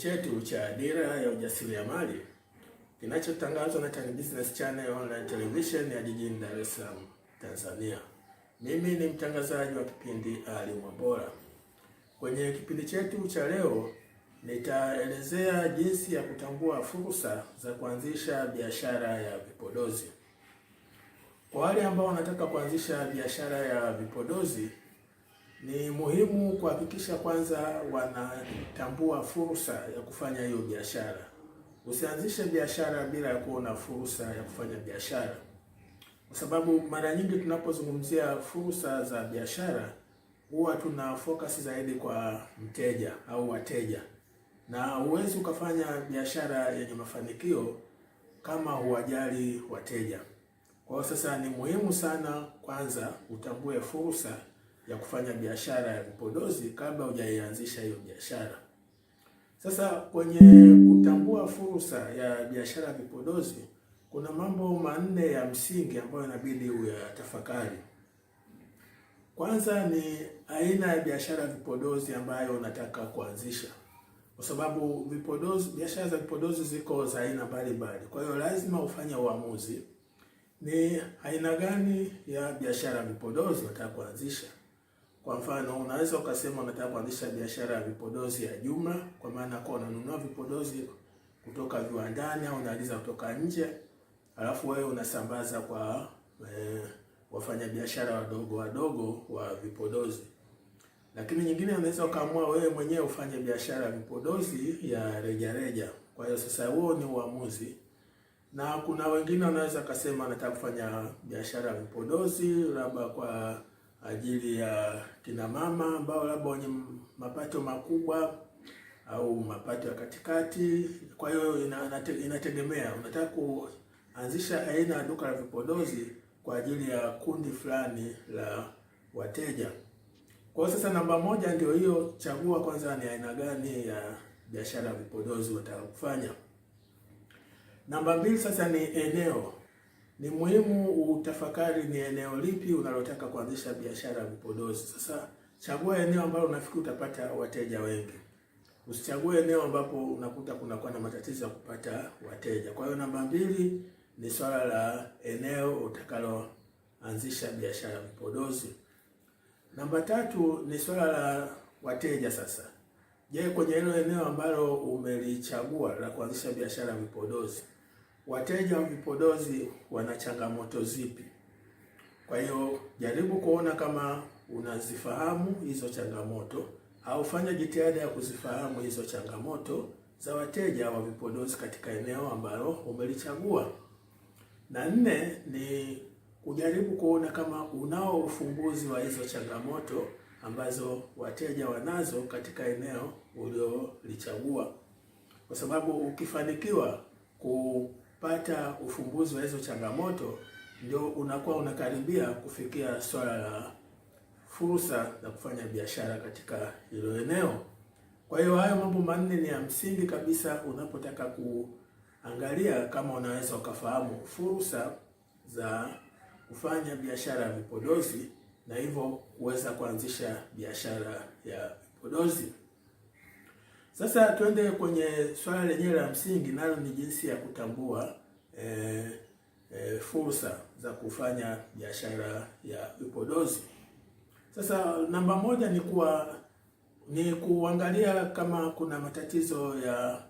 chetu cha Dira ya Ujasiriamali kinachotangazwa na Tan Business Channel Online Television ya jijini Dar es Salaam, Tanzania. Mimi ni mtangazaji wa kipindi Ali Mwambola. Kwenye kipindi chetu cha leo nitaelezea jinsi ya kutambua fursa za kuanzisha biashara ya vipodozi. Kwa wale ambao wanataka kuanzisha biashara ya vipodozi ni muhimu kuhakikisha kwanza wanatambua fursa ya kufanya hiyo biashara. Usianzishe biashara bila ya kuona fursa ya kufanya biashara, kwa sababu mara nyingi tunapozungumzia fursa za biashara huwa tuna focus zaidi kwa mteja au wateja, na huwezi ukafanya biashara yenye mafanikio kama huwajali wateja. Kwa hiyo sasa, ni muhimu sana kwanza utambue fursa ya kufanya biashara ya vipodozi kabla hujaianzisha hiyo biashara. Sasa kwenye kutambua fursa ya biashara ya vipodozi kuna mambo manne ya msingi ambayo inabidi uyatafakari. Kwanza ni aina ya biashara ya vipodozi ambayo unataka kuanzisha, kwa sababu vipodozi, biashara za vipodozi ziko za aina mbalimbali. Kwa hiyo lazima ufanye uamuzi, ni aina gani ya biashara ya vipodozi unataka kuanzisha. Kwa mfano, unaweza ukasema unataka kuanzisha biashara ya vipodozi ya jumla, kwa maana kwa unanunua vipodozi kutoka viwandani au unaagiza kutoka nje, alafu wewe unasambaza kwa e, wafanyabiashara wadogo wadogo wa vipodozi. Lakini nyingine unaweza ukaamua wewe mwenyewe ufanye biashara ya vipodozi ya rejareja. Kwa hiyo sasa huo ni uamuzi, na kuna wengine wanaweza kusema anataka kufanya biashara ya vipodozi labda kwa ajili ya kina mama ambao labda wenye mapato makubwa au mapato ya katikati. Kwa hiyo inategemea unataka kuanzisha aina ya duka la vipodozi kwa ajili ya kundi fulani la wateja. Kwa hiyo sasa, namba moja ndio hiyo, chagua kwanza ni aina gani ya biashara ya vipodozi unataka kufanya. Namba mbili sasa ni eneo ni muhimu utafakari ni eneo lipi unalotaka kuanzisha biashara ya vipodozi. Sasa chagua eneo ambalo unafikiri utapata wateja wengi, usichague eneo ambapo unakuta kunakuwa na matatizo ya kupata wateja. Kwa hiyo namba mbili ni swala la eneo utakaloanzisha biashara ya vipodozi. Namba tatu ni swala la wateja. Sasa je, kwenye hilo eneo ambalo umelichagua la kuanzisha biashara ya vipodozi wateja wa vipodozi wana changamoto zipi. Kwa hiyo jaribu kuona kama unazifahamu hizo changamoto au fanya jitihada ya kuzifahamu hizo changamoto za wateja wa vipodozi katika eneo ambalo umelichagua. Na nne ni kujaribu kuona kama unao ufumbuzi wa hizo changamoto ambazo wateja wanazo katika eneo uliolichagua, kwa sababu ukifanikiwa ku kupata ufumbuzi wa hizo changamoto, ndio unakuwa unakaribia kufikia swala la fursa za kufanya biashara katika hilo eneo. Kwa hiyo hayo mambo manne ni ya msingi kabisa unapotaka kuangalia kama unaweza ukafahamu fursa za kufanya biashara ya vipodozi na hivyo kuweza kuanzisha biashara ya vipodozi. Sasa tuende kwenye swala lenyewe la msingi, nalo ni jinsi ya kutambua e, e, fursa za kufanya biashara ya vipodozi. Sasa namba moja ni kuwa ni kuangalia kama kuna matatizo ya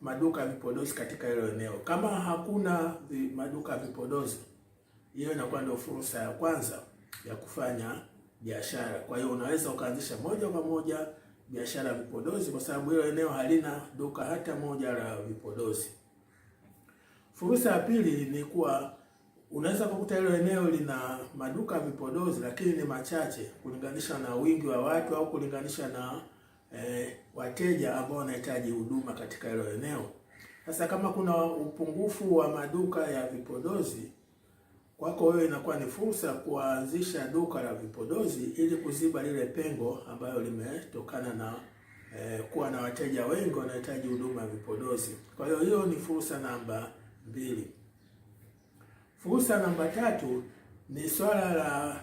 maduka ya vipodozi katika hilo eneo. Kama hakuna maduka ya vipodozi, hiyo inakuwa ndio fursa ya kwanza ya kufanya biashara. Kwa hiyo unaweza ukaanzisha moja kwa moja biashara ya vipodozi, kwa sababu hilo eneo halina duka hata moja la vipodozi. Fursa ya pili ni kuwa unaweza kukuta hilo eneo lina maduka ya vipodozi, lakini ni machache kulinganisha na wingi wa watu au kulinganisha na eh, wateja ambao wanahitaji huduma katika hilo eneo. Sasa kama kuna upungufu wa maduka ya vipodozi kwako wewe inakuwa ni fursa ya kuanzisha duka la vipodozi ili kuziba lile pengo ambayo limetokana na eh, kuwa na wateja wengi wanahitaji huduma ya vipodozi. Kwa hiyo hiyo ni fursa namba mbili. Fursa namba tatu ni swala la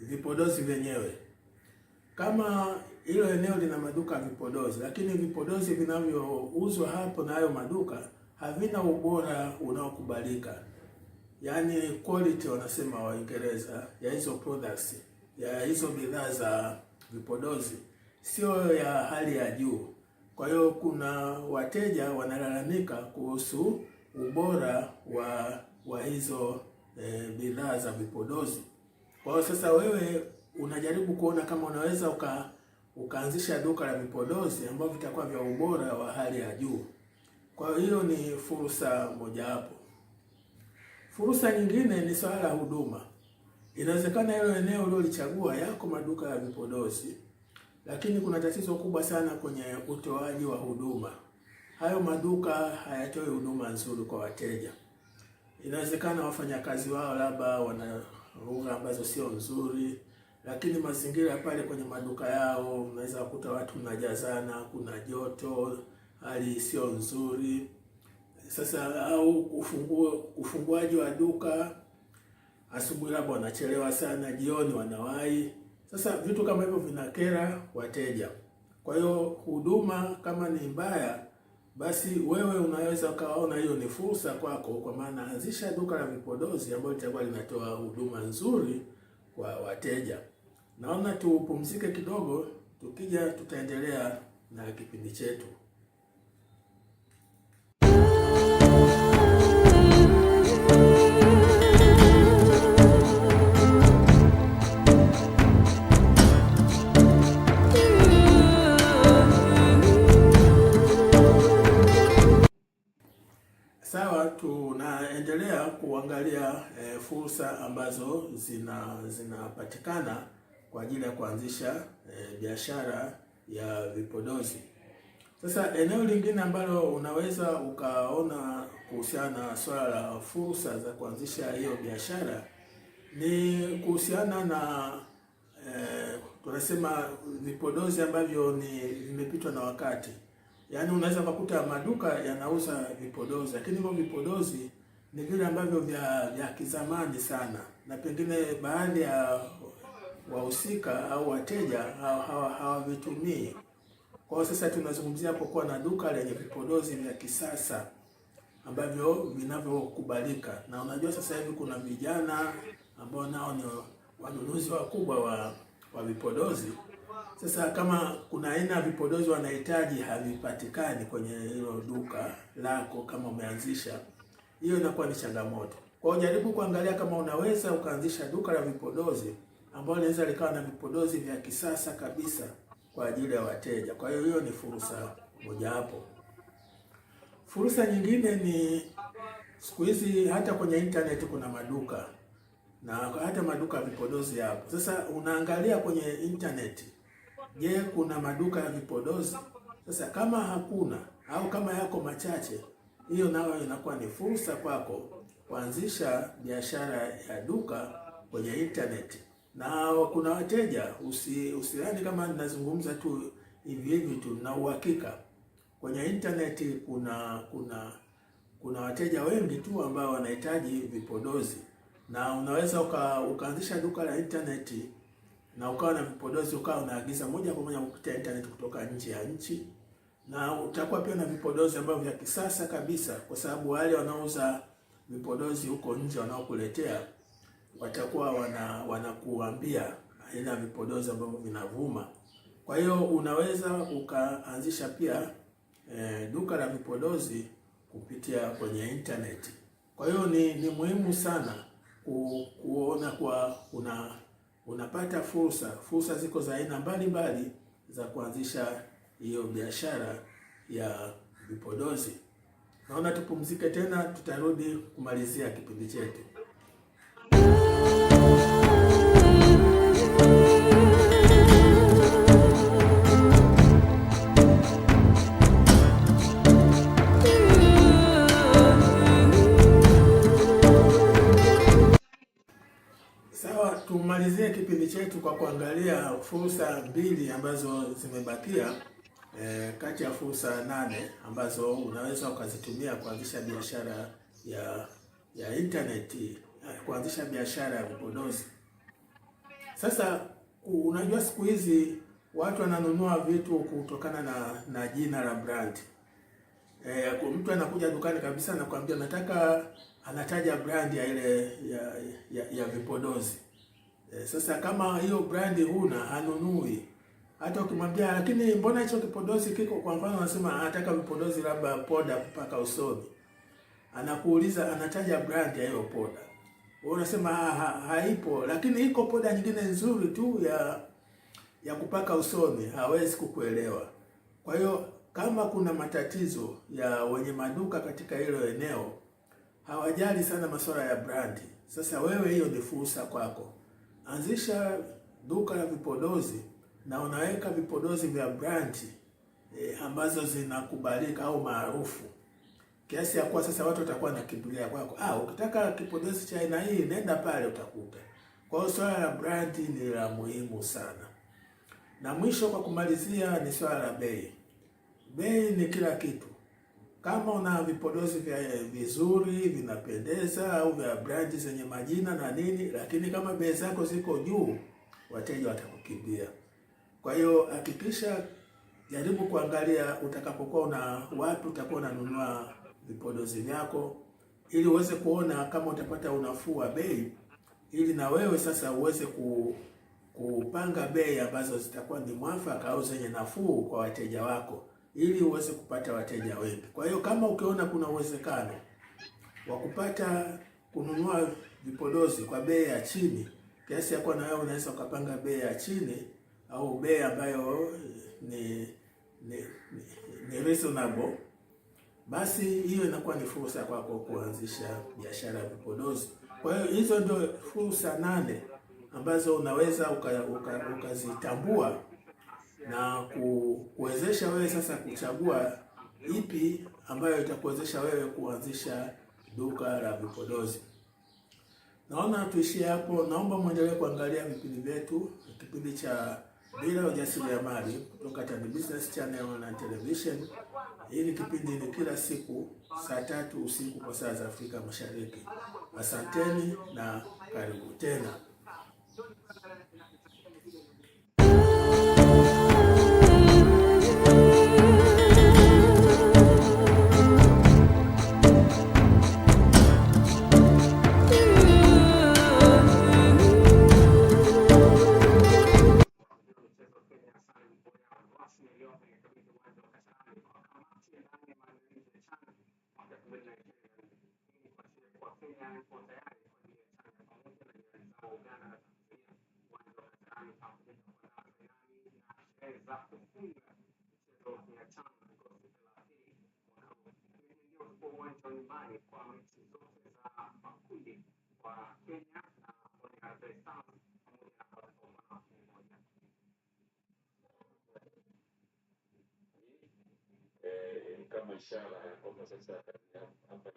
vipodozi vyenyewe. Kama hilo eneo lina maduka ya vipodozi, lakini vipodozi vinavyouzwa hapo na hayo maduka havina ubora unaokubalika yani quality wanasema Waingereza ya hizo products ya hizo bidhaa za vipodozi sio ya hali ya juu. Kwa hiyo kuna wateja wanalalamika kuhusu ubora wa wa hizo e, bidhaa za vipodozi. Kwa hiyo sasa wewe unajaribu kuona kama unaweza uka ukaanzisha duka la vipodozi ambavyo vitakuwa vya ubora wa hali ya juu. Kwa hiyo ni fursa mojawapo. Fursa nyingine ni swala la huduma. Inawezekana hilo eneo uliolichagua yako maduka ya vipodozi, lakini kuna tatizo kubwa sana kwenye utoaji wa huduma. Hayo maduka hayatoi huduma nzuri kwa wateja. Inawezekana wafanyakazi wao labda wana lugha ambazo sio nzuri, lakini mazingira pale kwenye maduka yao, unaweza kukuta watu mnajazana, kuna joto, hali sio nzuri. Sasa au ufunguaji wa duka asubuhi, labda wanachelewa sana, jioni wanawahi. Sasa vitu kama hivyo vinakera wateja. Kwa hiyo huduma kama ni mbaya, basi wewe unaweza ukaona hiyo ni fursa kwako, kwa maana anzisha duka la vipodozi ambalo litakuwa linatoa huduma nzuri kwa wateja. Naona tupumzike kidogo, tukija tutaendelea na kipindi chetu. ambazo zinapatikana kwa ajili ya kuanzisha e, biashara ya vipodozi. Sasa eneo lingine ambalo unaweza ukaona kuhusiana na swala la fursa za kuanzisha hiyo biashara ni kuhusiana na e, tunasema vipodozi ambavyo ni vimepitwa na wakati. Yaani unaweza ukakuta maduka yanauza vipodozi, lakini hivyo vipodozi ni vile ambavyo vya vya kizamani sana, na pengine baadhi ya wahusika au wateja hawavitumii. Kwa hiyo sasa tunazungumzia hapo kuwa na duka lenye vipodozi vya kisasa ambavyo vinavyokubalika, na unajua sasa hivi kuna vijana ambao nao ni wanunuzi wakubwa wa wa vipodozi. Sasa kama kuna aina ya vipodozi wanahitaji havipatikani kwenye hilo duka lako, kama umeanzisha hiyo inakuwa ni changamoto. Kwa hiyo jaribu kuangalia kama unaweza ukaanzisha duka la vipodozi ambalo linaweza likawa na vipodozi vya kisasa kabisa kwa ajili ya wateja. Kwa hiyo hiyo ni fursa mojawapo. Fursa nyingine ni siku hizi hata kwenye internet kuna maduka na hata maduka ya vipodozi hapo. Sasa unaangalia kwenye internet, je, kuna maduka ya vipodozi? Sasa kama hakuna au kama yako machache hiyo nayo inakuwa ni fursa kwako kuanzisha biashara ya duka kwenye internet, na kuna wateja usi, usidhani kama ninazungumza tu hivi hivi tu, na uhakika kwenye internet kuna kuna kuna wateja wengi tu ambao wanahitaji vipodozi, na unaweza uka, ukaanzisha duka la internet na ukawa na vipodozi ukawa unaagiza moja kwa moja kupitia internet kutoka nje ya nchi na utakuwa pia na vipodozi ambavyo vya kisasa kabisa, kwa sababu wale wanaouza vipodozi huko nje wanaokuletea watakuwa wana wanakuambia aina ya vipodozi ambavyo vinavuma. Kwa hiyo unaweza ukaanzisha pia e, duka la vipodozi kupitia kwenye internet. Kwa hiyo ni, ni muhimu sana ku, kuona kwa una unapata fursa fursa ziko za aina mbalimbali za kuanzisha hiyo biashara ya vipodozi. Naona tupumzike tena, tutarudi kumalizia kipindi chetu. Tumalizie kipindi chetu kwa kuangalia fursa mbili ambazo zimebakia e, kati ya fursa nane ambazo unaweza ukazitumia kuanzisha biashara ya ya intaneti, eh, kuanzisha biashara ya vipodozi. Sasa unajua siku hizi watu wananunua vitu kutokana na na jina la brand. E, mtu anakuja dukani kabisa anakuambia nataka, anataja brand ya ile ya, ya, ya vipodozi. E, sasa kama hiyo brand huna, hanunui hata ukimwambia lakini mbona hicho kipodozi kiko, kwa mfano anasema anataka vipodozi labda poda kupaka usoni, anakuuliza anataja brand ya hiyo poda, wewe unasema ha, ah, ha, haipo, lakini iko poda nyingine nzuri tu ya ya kupaka usoni, hawezi kukuelewa. Kwa hiyo kama kuna matatizo ya wenye maduka katika hilo eneo, hawajali sana masuala ya brand. Sasa wewe, hiyo ni fursa kwako, anzisha duka la vipodozi na unaweka vipodozi vya brandi e, eh, ambazo zinakubalika au maarufu kiasi ya kuwa sasa watu watakuwa kibulia kwako. Ah, ukitaka kipodozi cha aina hii nenda pale utakuta. Kwa hiyo swala la brandi ni la muhimu sana. Na mwisho kwa kumalizia, ni swala la bei. Bei ni kila kitu. Kama una vipodozi vya eh, vizuri vinapendeza au vya brandi zenye majina na nini, lakini kama bei zako ziko juu, wateja watakukimbia. Kwa hiyo hakikisha, jaribu kuangalia utakapokuwa una watu utakuwa unanunua vipodozi vyako, ili uweze kuona kama utapata unafuu wa bei, ili na wewe sasa uweze ku, kupanga bei ambazo zitakuwa ni mwafaka au zenye nafuu kwa wateja wako, ili uweze kupata wateja wengi. Kwa hiyo kama ukiona kuna uwezekano wa kupata kununua vipodozi kwa bei ya chini kiasi ya kuwa na wewe unaweza ukapanga bei ya chini au bei ambayo ni ni, ni, ni reasonable, basi hiyo inakuwa ni fursa kwako kuanzisha biashara ya vipodozi. Kwa hiyo hizo ndio fursa nane ambazo unaweza ukazitambua uka, uka na kuwezesha wewe sasa kuchagua ipi ambayo itakuwezesha wewe kuanzisha duka la vipodozi. Naona tuishie hapo. Naomba mwendelee kuangalia vipindi vyetu, kipindi cha bila ujasiriamali kutoka Tan Business Channel na television. ni kipindi ni kila siku saa tatu usiku kwa saa za Afrika Mashariki. Asanteni na karibu tena. Kenya ipo tayari kwenye chanja pamoja na jirani zao Uganda na Tanzania. Uwanja wa Kasarani utatumika kuandaa fainali na sherehe za kufunga michezo kama ishara ya kwamba sasa hapa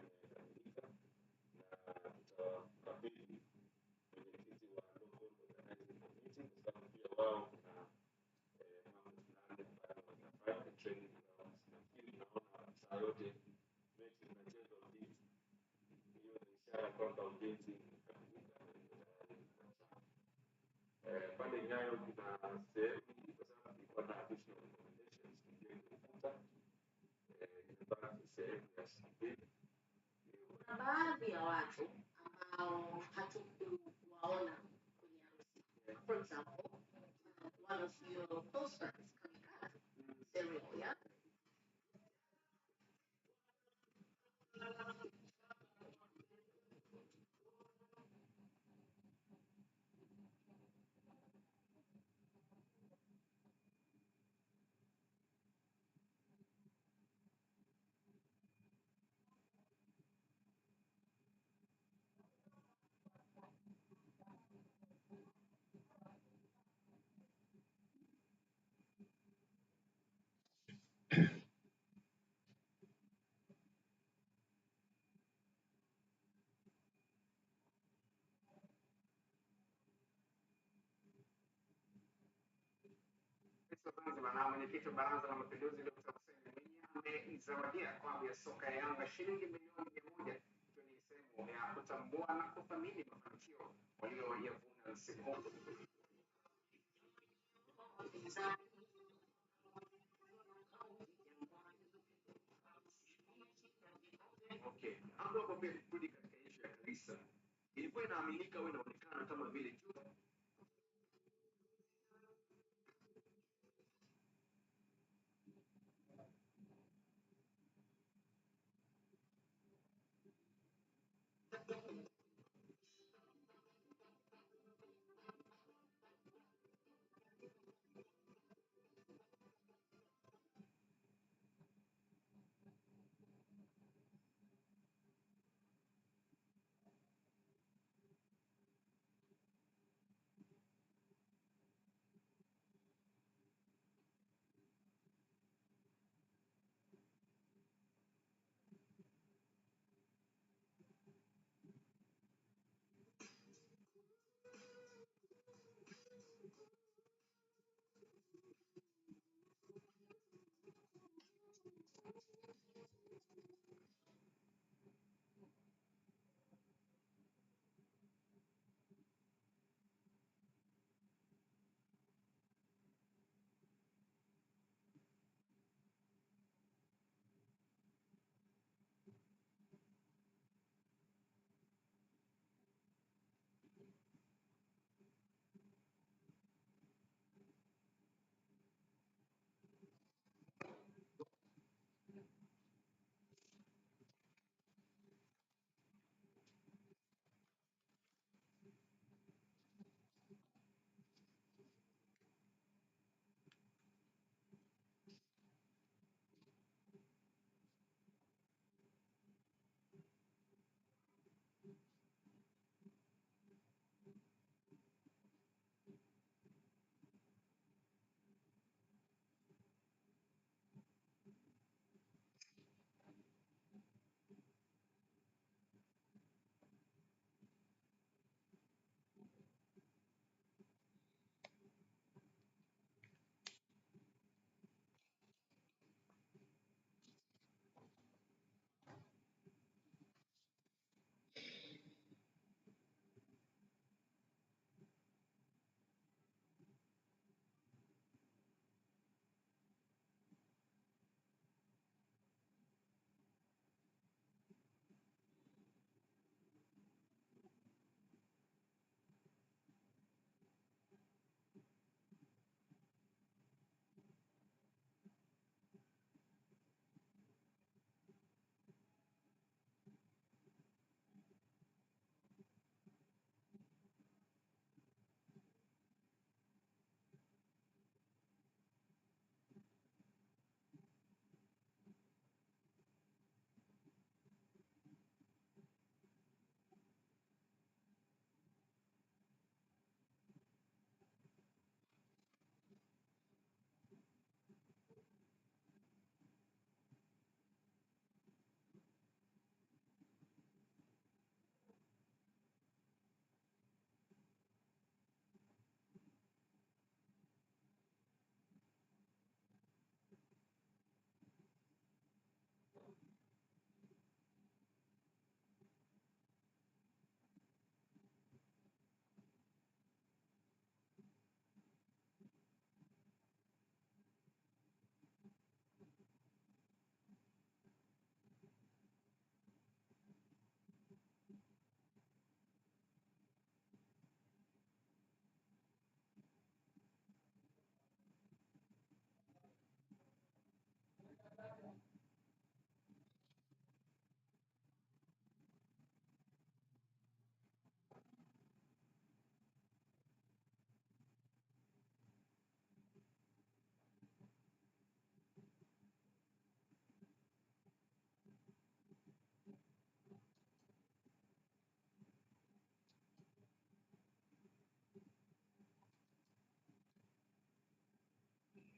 Zanzibar na mwenyekiti wa Baraza la Mapinduzi Dkt. Hussein Mwinyi ameizawadia klabu ya soka ya Yanga shilingi milioni mia moja ikiwa ni sehemu ya kutambua na kuthamini mafanikio walioyavuna msimu huu. Okay, hapo kwa kurudi katika ishu ya kanisa, ilikuwa inaaminika au inaonekana kama vile tu